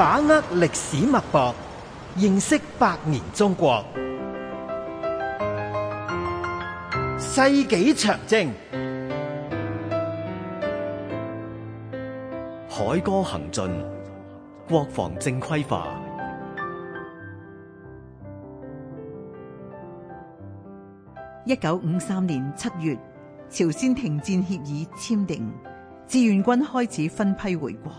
把握歷史脈搏，認識百年中國。世紀長征，凱歌行進，國防正規化。一九五三年七月，朝鮮停戰協議簽訂，志願軍開始分批回國。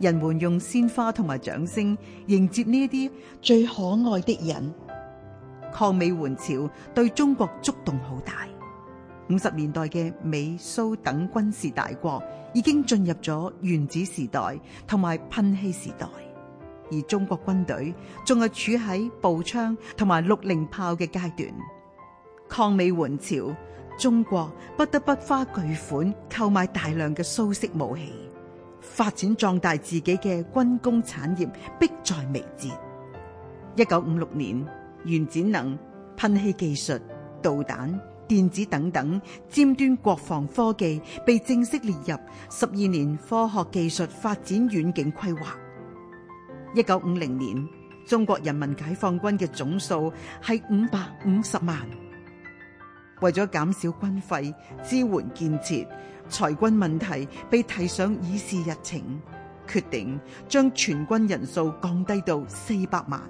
人們用鮮花同埋掌聲，迎接呢一啲最可愛的人。抗美援朝對中國觸動好大。五十年代嘅美蘇等軍事大國已經進入咗原子時代同埋噴氣時代，而中國軍隊仲係處喺步槍同埋六零炮嘅階段。抗美援朝，中國不得不花巨款購買大量嘅蘇式武器。發展壯大自己嘅軍工產業，迫在眉睫。一九五六年，原子能、噴氣技術、導彈、電子等等尖端國防科技被正式列入十二年科學技術發展遠景規劃。一九五零年，中國人民解放軍嘅總數係五百五十萬。為咗減少軍費支援建設，裁軍問題被提上議事日程，決定將全軍人數降低到四百萬。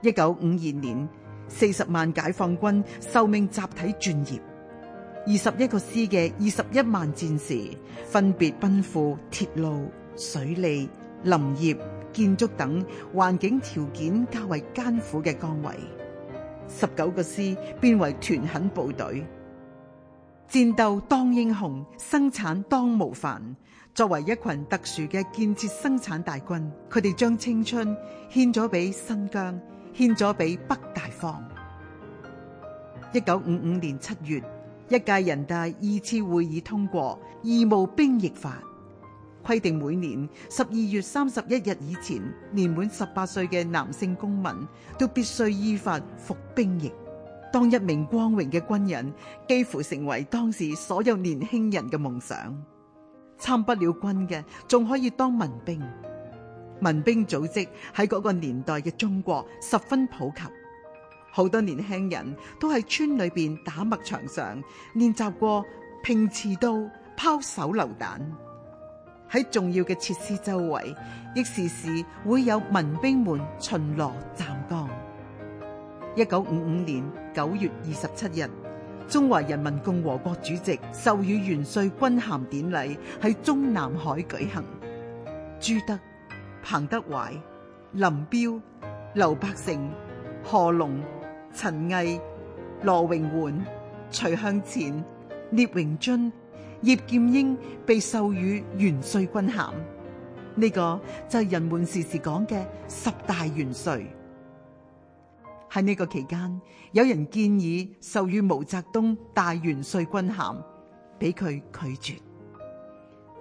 一九五二年，四十萬解放軍受命集體轉業，二十一個師嘅二十一萬戰士分別奔赴鐵路、水利、林業、建築等環境條件較為艱苦嘅崗位。十九個師變為團墾部隊，戰鬥當英雄，生產當模範。作為一群特殊嘅建設生產大軍，佢哋將青春獻咗俾新疆，獻咗俾北大荒。一九五五年七月，一屆人大二次會議通過義務兵役法。規定每年十二月三十一日以前，年滿十八歲嘅男性公民都必須依法服兵役。當一名光榮嘅軍人，幾乎成為當時所有年輕人嘅夢想。參不了軍嘅，仲可以當民兵。民兵組織喺嗰個年代嘅中國十分普及，好多年輕人都喺村裏邊打麥場上練習過拼刺刀、拋手榴彈。喺重要嘅設施周圍，亦時時會有民兵們巡邏站崗。一九五五年九月二十七日，中華人民共和國主席授予元帥軍銜典禮喺中南海舉行。朱德、彭德懷、林彪、劉伯承、賀龍、陳毅、羅榮桓、徐向前、聶榮臻、葉劍英被授予元帥軍銜，呢個就係人們時時講嘅十大元帥。喺呢個期間，有人建議授予毛澤東大元帥軍銜，俾佢拒絕。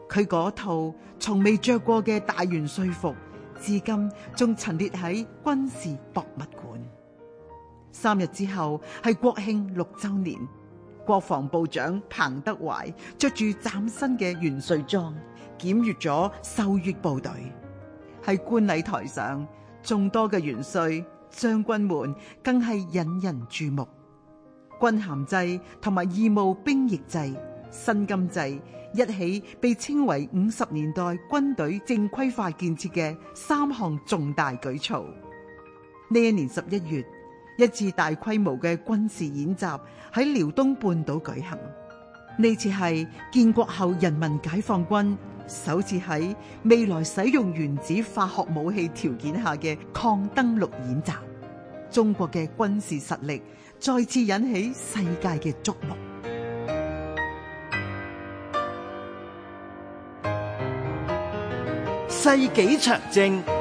佢嗰套從未着過嘅大元帥服，至今仲陳列喺軍事博物館。三日之後，係國慶六週年。國防部長彭德懷着住嶄新嘅元帥裝，檢閱咗受閱部隊。喺觀禮台上，眾多嘅元帥、將軍們更係引人注目。軍銜制同埋義務兵役制、薪金制一起，被稱為五十年代軍隊正規化建設嘅三項重大舉措。呢一年十一月。一次大規模嘅軍事演習喺遼東半島舉行，呢次係建國後人民解放軍首次喺未來使用原子化學武器條件下嘅抗登陸演習，中國嘅軍事實力再次引起世界嘅矚目。世紀長征。